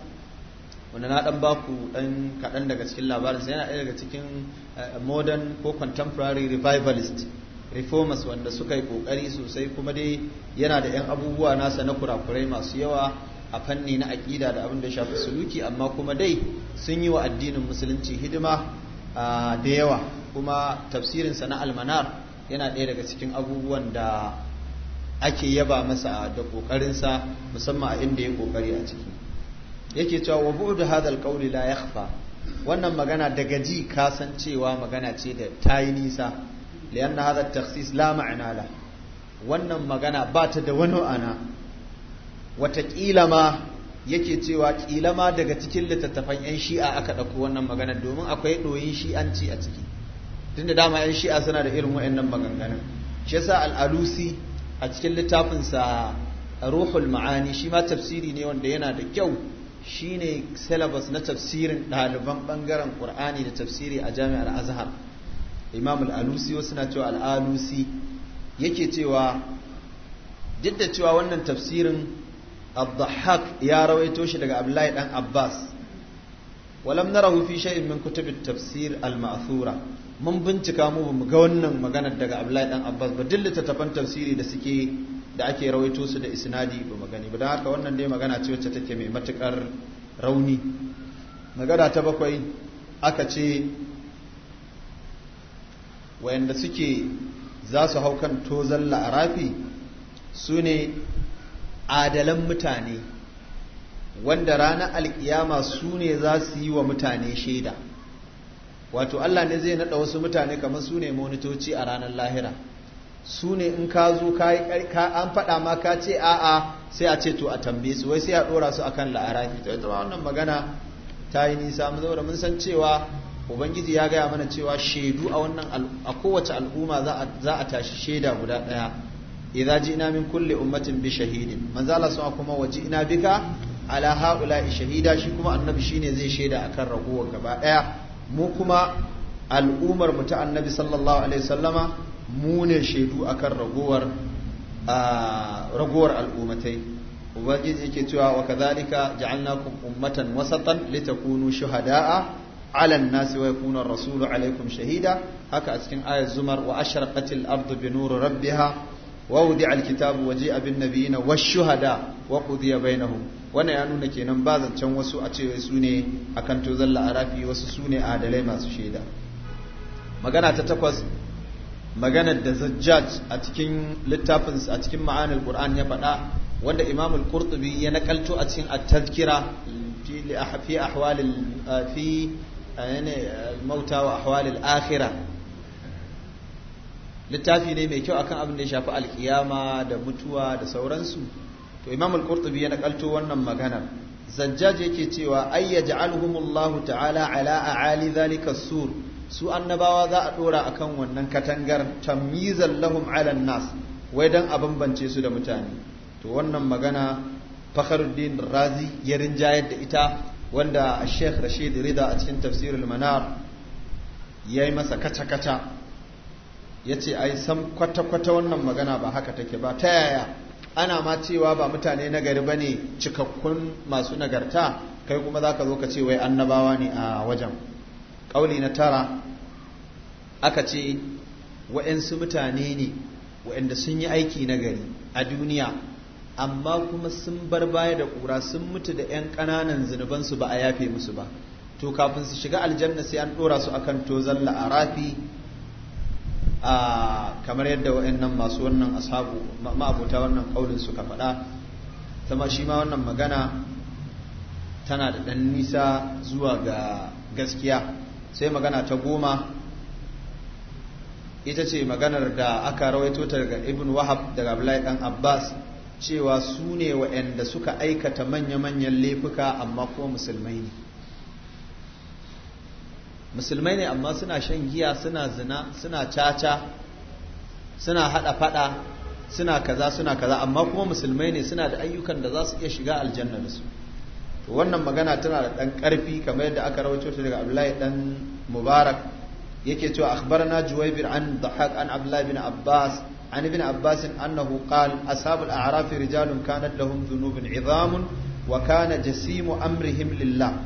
wanda na dan baku dan kaɗan daga cikin labarin yana ɗaya daga cikin eh, modern ko contemporary revivalist reformers wanda suka yi kokari sosai kuma dai yana da yan abubuwa nasa na kurakurai masu yawa a fanni na aƙida da abin da shafi suluki amma kuma dai sun yi wa addinin musulunci hidima ah, da yawa kuma tafsirinsa na almanar yana ɗaya daga cikin abubuwan da ake yaba masa da ƙoƙarinsa musamman a inda ya kokari a ciki yake cewa wa bu'du hadal qawli la yakhfa wannan magana daga ji ka cewa magana ce da tayi nisa lianna hadha at-takhsis la ma'na la wannan magana ba ta da wani ana wata kila ma yake cewa ƙilama ma daga cikin littattafan 'yan shi'a aka ɗauko wannan magana domin akwai ɗoyin shi'anci a ciki tunda dama 'yan shi'a suna da irin wa'annan maganganun shi yasa al-alusi a cikin littafinsa ruhul ma'ani shi ma tafsiri ne wanda yana da kyau shine syllabus na tafsirin ɗaliban ɓangaren ƙur'ani da tafsiri a jami'ar azhar imam al'alusi wasu na cewa al'alusi yake cewa duk da cewa wannan tafsirin abdahak ya rawaito shi daga abdullahi dan abbas walam narahu fi sha'in min kutubin tafsir al-ma'thura mun bincika mu mu ga wannan maganar daga abdullahi dan abbas ba duk littattafan tafsiri da suke da ake rawaito su da isnadi ba magani ba haka wannan dai magana ce wacce take mai matukar rauni magana ta bakwai aka ce wayanda suke za su hau kan tozon la'arafi su ne adalan mutane wanda ranar alkiyama su ne za su yi wa mutane shaida wato allah ne zai naɗa wasu mutane kamar su ne monitoci a ranar lahira su ne in ka zo an faɗa ma ka ce a'a sai a ce to a tambaye su wai sai a ɗora su akan la'arafi to ita wannan magana ta yi nisa mu zaura mun san cewa ubangiji ya gaya mana cewa shaidu a wannan a kowace al'umma za a tashi shaida guda ɗaya idza ji'na min kulli ummatin bi shahidin manzo Allah sun kuma waji ina bika ala haula shahida shi kuma annabi shine zai shaida akan ragowar gaba ɗaya mu kuma al'ummar mu ta annabi sallallahu alaihi wasallama mu ne shaidu akan ragowar ragowar al'ummatai ubangiji yake cewa wa kadhalika ja'alnakum ummatan wasatan litakunu shuhada'a 'ala an-nasi wa yakuna ar-rasulu 'alaykum shahida haka a cikin ayat zumar wa ashraqatil ardu bi nuri rabbiha wa wudi'a al-kitabu wa ji'a bin nabiyina wash-shuhada wa qudiya bainahum wannan ya nuna kenan ba zancen wasu a ce su ne akan tozalla arafi wasu su ne adalai masu shaida magana ta takwas maganar da zajjaj a cikin littafin a cikin ma'anar qur'an ya faɗa wanda imam al-qurtubi ya nakalto a cikin at-tazkira fi ahwal fi mauta wa ahwal al-akhirah littafi ne mai kyau akan abin da ya shafi alkiyama da mutuwa da sauransu to imam al-qurtubi ya nakalto wannan maganar zajjaj yake cewa ay yaj'aluhumullahu ta'ala ala a'ali dhalika sur su annabawa za a dora akan wannan katangar tamyizan lahum ala nas wai dan a bambance su da mutane to wannan magana Fakhruddin Razi ya rinjayar da ita wanda Sheikh Rashid Rida a cikin tafsirul Manar ya yi masa kaca-kaca ya ce ai san kwata-kwata wannan magana ba haka take ba ta yaya ana ma cewa ba mutane nagari ba ne cikakkun masu nagarta kai kuma za ka zo ka ce wai annabawa ne a wajen ƙauli na tara aka ce wa'yansu mutane ne wa'yanda sun yi aiki na gari a duniya amma kuma sun bar baya da ƙura sun mutu da 'yan ƙananan zunubansu ba a yafe musu ba to kafin su shiga aljanna sai an ɗora su akan tozon la'arafi a kamar yadda wa'annan masu wannan ashabu ma'abota wannan ƙaunin suka faɗa ta shi ma wannan magana tana da ɗan nisa zuwa ga gaskiya sai magana ta goma ita ce maganar da aka rawaito ta daga ibn wahab daga abdullahi dan abbas cewa su ne wa'anda suka aikata manya-manyan laifuka amma kuma musulmai ne musulmai ne amma suna shan giya suna zina suna caca suna hada fada suna kaza suna kaza amma kuma musulmai ne suna da ayyukan da za su iya shiga aljanna da su to wannan magana tana da dan karfi kamar yadda aka rawaito ta daga Abdullahi dan Mubarak yake cewa akhbarana Juwaybir an Dhahak an Abdullah bin Abbas an ibn Abbas annahu qala ashabul a'raf rijalun kanat lahum dhunubun 'idhamun wa kana jasimu amrihim lillah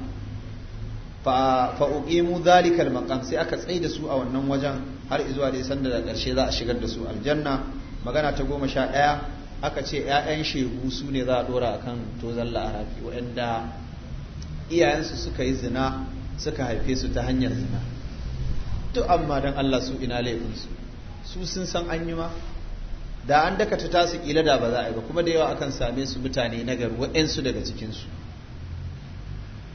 fa uqimu dhalika al-maqam sai aka tsaida su a wannan wajen har izuwa da sanda da karshe za a shigar da su aljanna magana ta goma sha ɗaya aka ce 'ya'yan shehu su ne za a dora a kan tozon la'arafi waɗanda iyayensu suka yi zina suka haife su ta hanyar zina duk amma don Allah su ina laifinsu su sun san an yi ma da an dakata ta su kila da ba za a yi ba kuma da yawa akan same su mutane na gari waɗansu daga cikinsu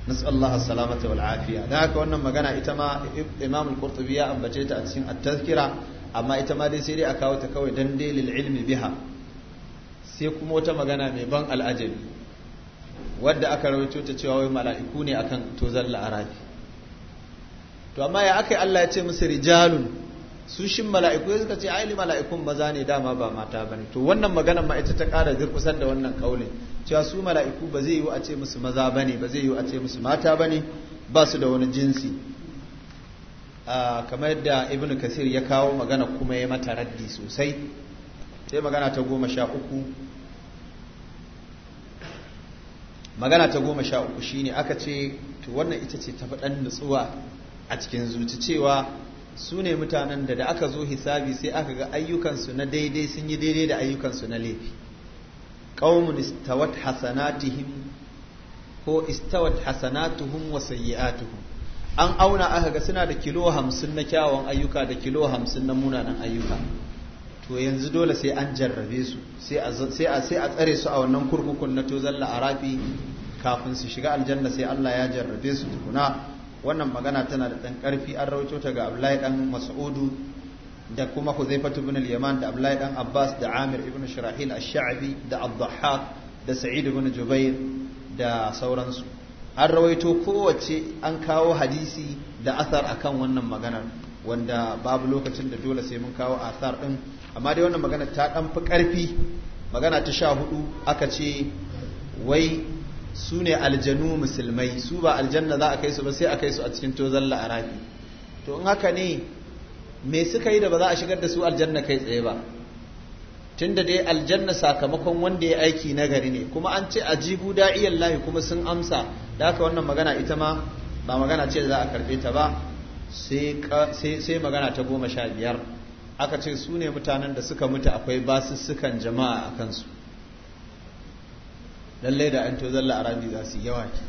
nasallahu salamata wal afiya da haka wannan magana ita ma imam al-qurtubi ya ambace ta a cikin at-tazkira amma ita ma dai sai dai a kawo ta kawai dan dalil ilmi biha sai kuma wata magana mai ban al'ajabi wadda aka rawaito ta cewa wai mala'iku ne akan tozar la'arabi to amma ya aka yi Allah ya ce musu rijalun su shin mala'iku ya suka ce aili mala'ikun maza ne dama ba mata ba ne. to wannan maganar ma ita ta ƙara zirkusar da wannan kaulin cewa su mala'iku ba zai yi a ce musu maza ba ne? ba zai yi a ce musu mata ba ne? ba su da wani jinsi ah, kamar yadda ibnu kasir ya kawo magana kuma ya mata raddi sosai sai magana ta goma sha uku magana ta goma sha uku shi ne aka ce to wannan ita ce ta faɗan nutsuwa a cikin zuci cewa su ne mutanen da da aka zo hisabi sai aka ga ayyukansu na daidai sun yi daidai da ayyukansu na laifi qaumun istawat hasanatihim ko istawat hasanatuhum wa sayyi'atuhum an auna aka ga suna da kilo hamsin na kyawun ayyuka da kilo hamsin na munanan ayyuka to yanzu dole sai an jarrabe su sai a tsare su a wannan kurkukun na tozalla a rafi kafin su shiga aljanna sai Allah ya jarrabe su tukuna wannan magana tana da ɗan ƙarfi an rawaito ta ga Abdullahi ɗan Mas'udu da kuma Huzaifat bin al-Yaman da Abdullahi ɗan Abbas da Amir ibn Shirahil al shabi da Abdahhak da Sa'id bin Jubair da sauransu an rawaito kowace an kawo hadisi da asar akan wannan maganar wanda babu lokacin da dole sai mun kawo asar ɗin amma dai wannan magana ta dan fi karfi magana ta sha hudu aka ce wai su ne aljanu musulmai su ba aljanna za a kai su ba sai a kai su a cikin tozon la'arafi to in haka ne me suka yi da ba za a shigar da su aljanna kai tsaye ba tun da dai aljanna sakamakon wanda ya aiki nagari ne kuma an ce a jibu da'iyan lahi kuma sun amsa da haka wannan magana ita ma ba magana ce da za a karbe ta ba sai magana ta goma sha biyar aka ce su ne mutanen da suka mutu akwai basussukan jama'a a kansu lallai da an a arabi za su yawa ke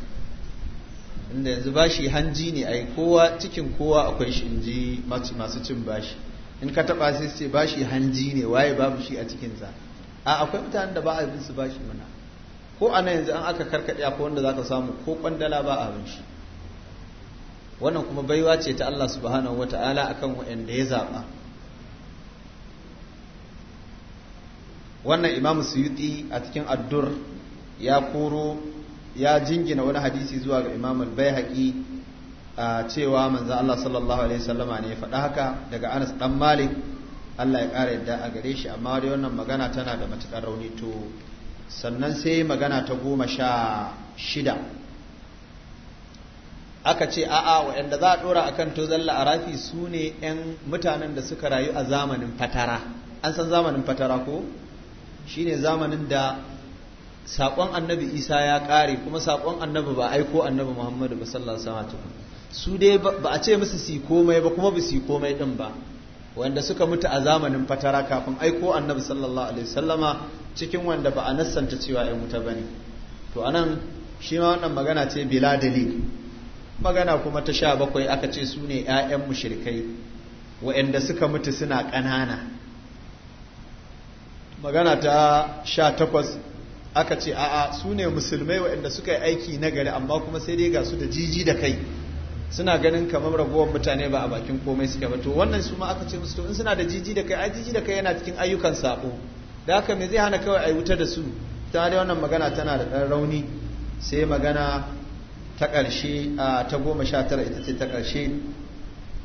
inda yanzu bashi hanji ne yi kowa cikin kowa akwai shi in ji masu cin bashi in ka taba sai ce bashi hanji ne waye babu shi a cikinsa a akwai mutanen da ba a bin su bashi mana ko a nan yanzu an aka karkaɗe akwai wanda zaka samu ko kwandala ba a bin shi wannan kuma baiwa ce ta Allah subhanahu wataala akan wa'anda ya zaɓa wannan imam suyuti a cikin addur ya koro ya jingina wani hadisi zuwa ga imam bai a cewa manzan Allah sallallahu alaihi wasallama ne ya faɗa haka daga Anas ɗan Malik Allah ya ƙara yadda a gare shi amma dai wannan magana tana da matuƙar rauni to sannan sai magana ta goma sha shida aka ce a'a waɗanda za a ɗora akan a rafi su ne 'yan mutanen da suka rayu a zamanin fatara an san zamanin fatara ko shine zamanin da saƙon annabi isa ya ƙare kuma saƙon annabi ba aiko annabi muhammadu ba sallallahu alaihi su dai ba a ce musu si komai ba kuma ba su komai din ba wanda suka mutu a zamanin fatara kafin aiko annabi sallallahu alaihi wasallama cikin wanda ba a nassanta cewa ya wuta bane to anan shi ma wannan magana ce bila dalil magana kuma ta sha bakwai aka ce su ne 'ya'yan mushirikai wa'anda suka mutu suna ƙanana magana ta sha takwas aka ce a'a su ne musulmai waɗanda suka yi aiki na gari amma kuma sai dai ga su da jiji da kai suna ganin kamar ragowar mutane ba a bakin komai suke ba to wannan su ma aka ce musu to in suna da jiji da kai a jiji da kai yana cikin ayyukan sabo da haka me zai hana kawai a wuta da su ta da wannan magana tana da ɗan rauni sai magana ta ƙarshe a ta goma sha tara ita ce ta ƙarshe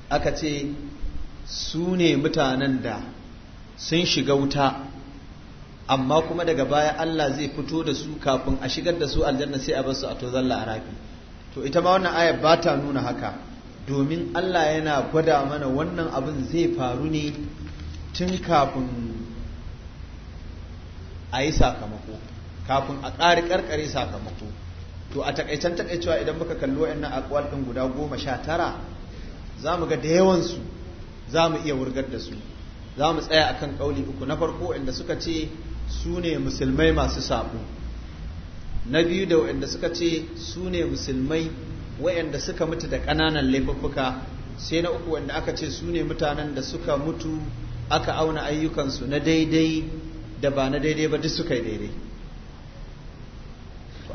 aka ce su ne mutanen da sun shiga wuta amma kuma daga baya Allah zai fito da su kafin a shigar da su aljanna sai a bar su a zalla a rafi to ita ma wannan ayar ba ta nuna haka domin Allah yana gwada mana wannan abin zai faru ne tun kafin a yi sakamako kafin a ƙari ƙarƙare sakamako to a takaicen takaicewa idan muka kalli wa'annan akwal ɗin guda goma sha tara za mu ga da yawansu za mu iya wurgar da su za mu tsaya akan kauli uku na farko inda suka ce su ne musulmai masu sabo na biyu da waɗanda suka ce su ne musulmai waɗanda suka mutu da ƙananan laifuffuka sai na uku wanda aka ce su ne mutanen da suka mutu aka auna ayyukansu na daidai da ba na daidai ba duk suka yi daidai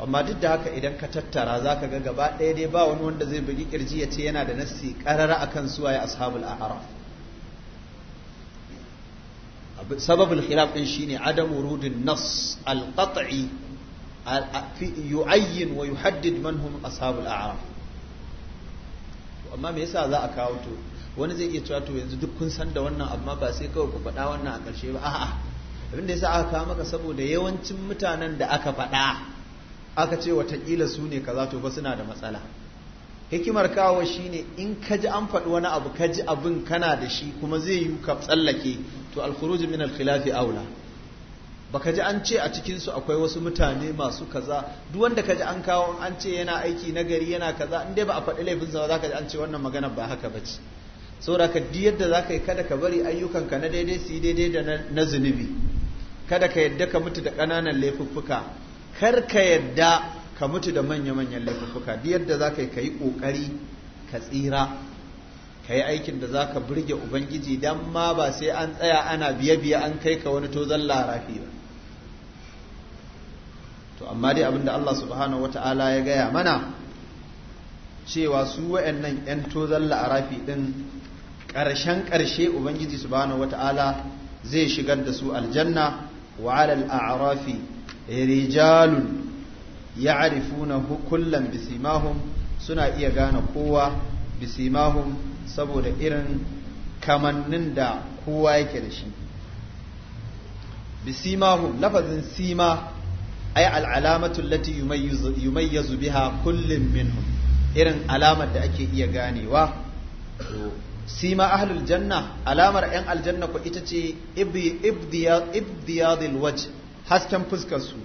amma duk da haka idan ka tattara za ka ga gaba ɗaya dai ba wani wanda zai bugi kirji ya ce yana da nassi a akan suwaye ashabul a'raf سبب الخلاف din shine adam wurudin nas al-qat'i yu'ayyin wa yuhaddid man amma me yasa za a kawo to wani zai iya cewa to yanzu duk kun san da wannan amma ba sai kawai ku faɗa wannan a ƙarshe ba a'a abin da yasa aka kawo maka saboda yawancin mutanen da aka faɗa aka ce watakila su ne kaza to ba suna da matsala hikimar kawo shine in ka ji an faɗi wani abu ka ji abin kana da shi kuma zai yi ka tsallake to alkhuruj min al aula baka ji an ce a cikin su akwai wasu mutane masu kaza duk wanda kaji an kawo an ce yana aiki na gari yana kaza in dai ba a faɗi laifin sa zaka ji an ce wannan magana ba haka bace saboda ka di yadda zaka yi kada ka bari ayyukan ka na daidai su daidai da na zunubi kada ka yadda ka mutu da ƙananan laifuffuka kar ka yadda ka mutu da manya-manyan laifuffuka di yadda zaka yi ka yi ƙoƙari ka tsira ka yi aikin da za ka burge ubangiji don ma ba sai an tsaya ana biye-biye an kai ka wani tozon larafi ba to amma dai abinda Allah subhanahu ta'ala ya gaya mana cewa su wa'annan 'yan tozon larafi ɗin ƙarshen ƙarshe ubangiji subhanahu ta'ala zai shigar da su aljanna wa alal a'rafi rijalun ya'rifuna kullan bisimahum suna iya gane kowa bisimahum saboda irin kamannin da kowa yake da shi bisimahum lafazin sima ay al'alamatu lati yumayyizu biha kullum minhum irin alamar da ake iya ganewa sima ahlul janna alamar yan aljanna ko ita ce ibdiyadil waj hasken fuskar su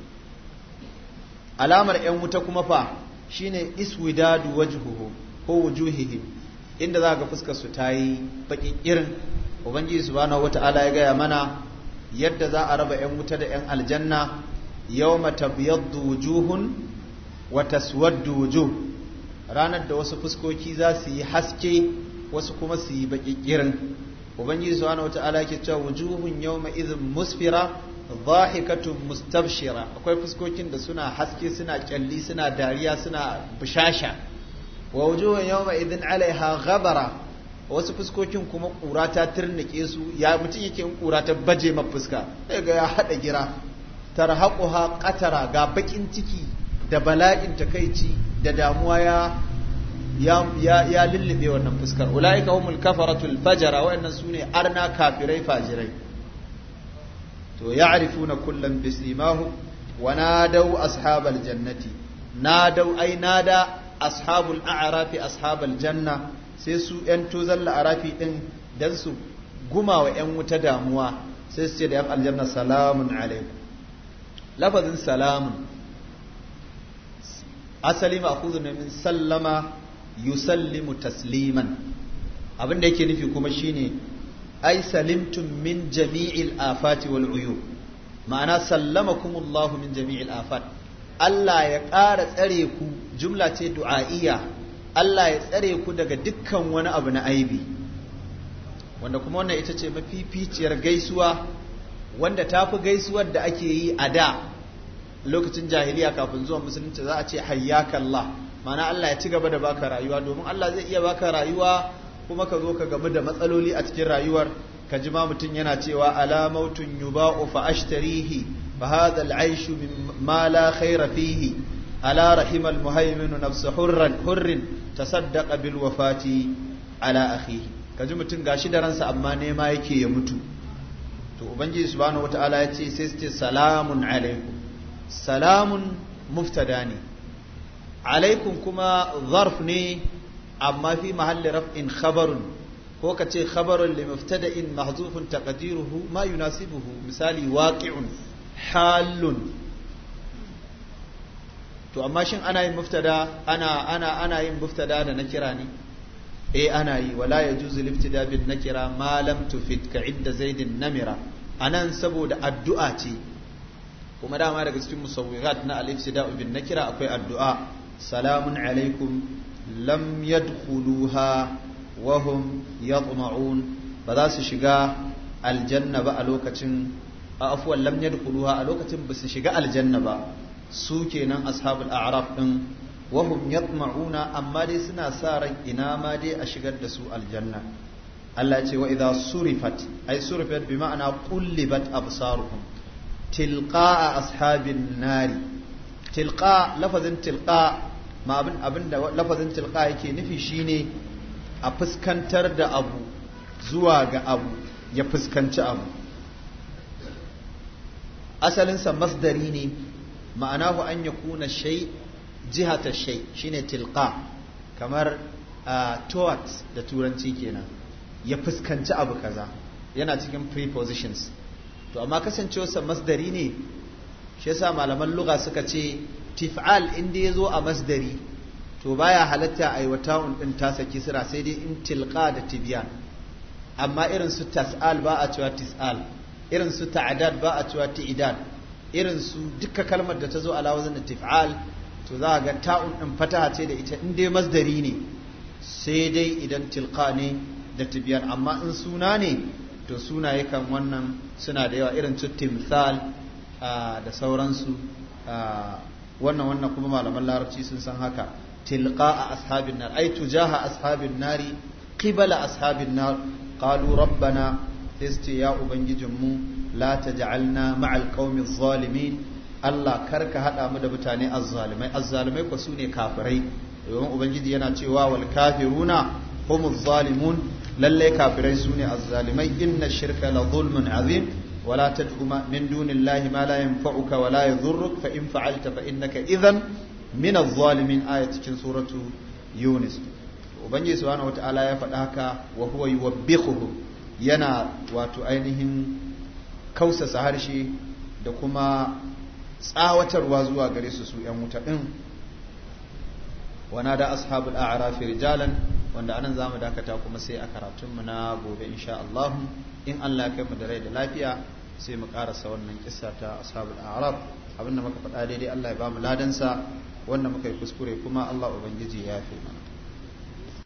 alamar yan wuta kuma fa shine iswidadu wajhuhu ko wujuhihim inda za ka fuska su ta yi baƙin irin ubangiji wata ala ya gaya mana yadda za a raba 'yan wuta da 'yan aljanna yawma biyar wujuhun wata suwar duju ranar da wasu fuskoki za su yi haske wasu kuma su yi baƙiƙirin ubangiji ala ya ke cewa wujuhun yauma izin musfira dhahikatun mustabshira akwai fuskokin da suna haske suna kyalli suna dariya suna bishasha wa wujuhun yawma idin alaiha ghabara wasu fuskokin kuma kura ta turnike su ya mutum yake in kura ta baje ma fuska sai ga ya hada gira tarhaquha qatara ga bakin ciki da bala'in takaici da damuwa ya ya lullube wannan fuskar ulaika humul kafaratul fajara wa'annan sune arna kafirai fajirai to ya'rifuna kullam bisimahu wa nadaw ashabal jannati nadaw ay nada ashabul a'rafi ashabal janna sai su yan tozan la'arafi din dan su guma wa yan wuta damuwa sai su ce da yan aljanna salamun alaikum lafazin salamun asali ne min sallama yusallimu tasliman abin da yake nufi kuma shine ai salimtum min jami'il afati wal uyub ma'ana sallamakumullahu min jami'il afat Allah ya ƙara tsare ku jumla ce du'a'iyya Allah ya tsare ku daga dukkan wani abu na aibi wanda kuma wannan ita ce mafificiyar gaisuwa wanda ta fi gaisuwar da ake yi a da lokacin jahiliya kafin zuwa musulunci za a ce hayyakallah ma'ana Allah ya ci gaba da baka rayuwa domin Allah zai iya baka rayuwa kuma ka zo ka gamu da matsaloli a cikin rayuwar ka ji ma mutum yana cewa alamautun yuba'u fa ashtarihi فهذا العيش مما لا خير فيه ألا رحم المهيمن نفس حر حر تصدق بالوفاة على أخيه kaji mutum gashi da ransa amma nema yake ya mutu to ubangiji subhanahu wataala ya ce sai ce salamun alaikum salamun muftada ne alaikum kuma zarf ne amma fi mahalli raf'in khabarun ko ka ce khabarun li muftada'in mahzufun taqdiruhu ma yunasibuhu misali waqi'un halun to amma shin ana yin muftada ana ana ana yin muftada da nakira ne eh ana yi wala yajuzu liftida bin nakira ma lam tufid ka idda zaidin namira anan saboda addu'a ce kuma dama daga cikin musawwirat na al-iftida bin nakira akwai addu'a salamun alaikum lam yadkhuluha wa hum yatma'un ba za su shiga aljanna ba a lokacin a afuwan lam yadkhuluha a lokacin basu shiga aljanna ba su kenan ashabul a'raf din wa hum yatma'una amma dai suna sa ran ina ma dai a shigar da su aljanna Allah ce wa idza surifat ay surifat bi ma'ana qullibat absaruhum tilqa'a ashabin nari tilqa lafazin tilqa ma abin abinda lafazin tilqa yake nufi shine a fuskantar da abu zuwa ga abu ya fuskanci abu asalinsa masdari ne ma'anahu an ya kuna shai jihata shai shine tilqa kamar towards da turanci kenan ya fuskanci abu kaza yana cikin prepositions to amma kasancewarsa masdari ne shi yasa malaman lugha suka ce tif'al in dai zo a masdari to baya halatta a yi wata'un din tasa sira sai dai in tilqa da tibyan amma irin su tas'al ba a cewa tis'al irin su ta'adad ba a cewa taidad irin su duka kalmar da ta zo ala wazan tif'al to za ga ta'un din fataha ce da ita in dai masdari ne sai dai idan tilqa ne da tibyan amma in suna ne to suna kan wannan suna da yawa irin su timthal da sauransu wannan wannan kuma malaman larabci sun san haka tilqa a ashabin nar ai tujaha ashabin nari qibala ashabin nar qalu rabbana sai su ce ya ubangijinmu la taj'alna ma'al qaumi zalimin Allah kar ka hada mu da mutane azzalimai azzalimai su ne kafirai domin ubangiji yana cewa wal kafiruna humuz zalimun lallai kafirai sune azzalimai inna shirka la zulmun azim ولا ma من دون الله ما لا ينفعك in يضرك فإن فعلت فإنك min من zalimin آية cikin suratu Yunus Ubangiji subhanahu wataala ya faɗa haka wa huwa yuwabbihuhum yana wato ainihin kausasa harshe da kuma tsawatarwa zuwa gare su su 'yan wuta ɗin wana da ashabul a'rafi rijalan wanda anan zamu dakata kuma sai a karatunmu na gobe insha Allah in Allah ya kai mu da rai da lafiya sai mu karasa wannan kissa ta ashabul a'raf abinda muka faɗa daidai Allah ya ba ladansa wanda muka yi kuskure kuma Allah ubangiji ya fi. mana